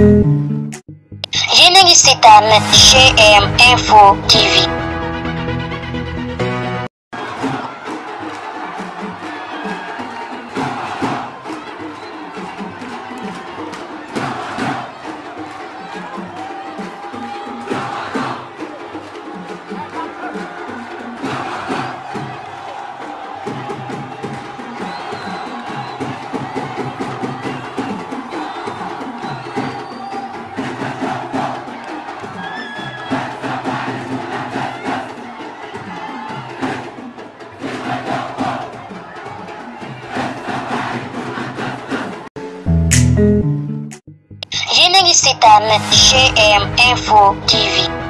yéen a ngi yéen a TV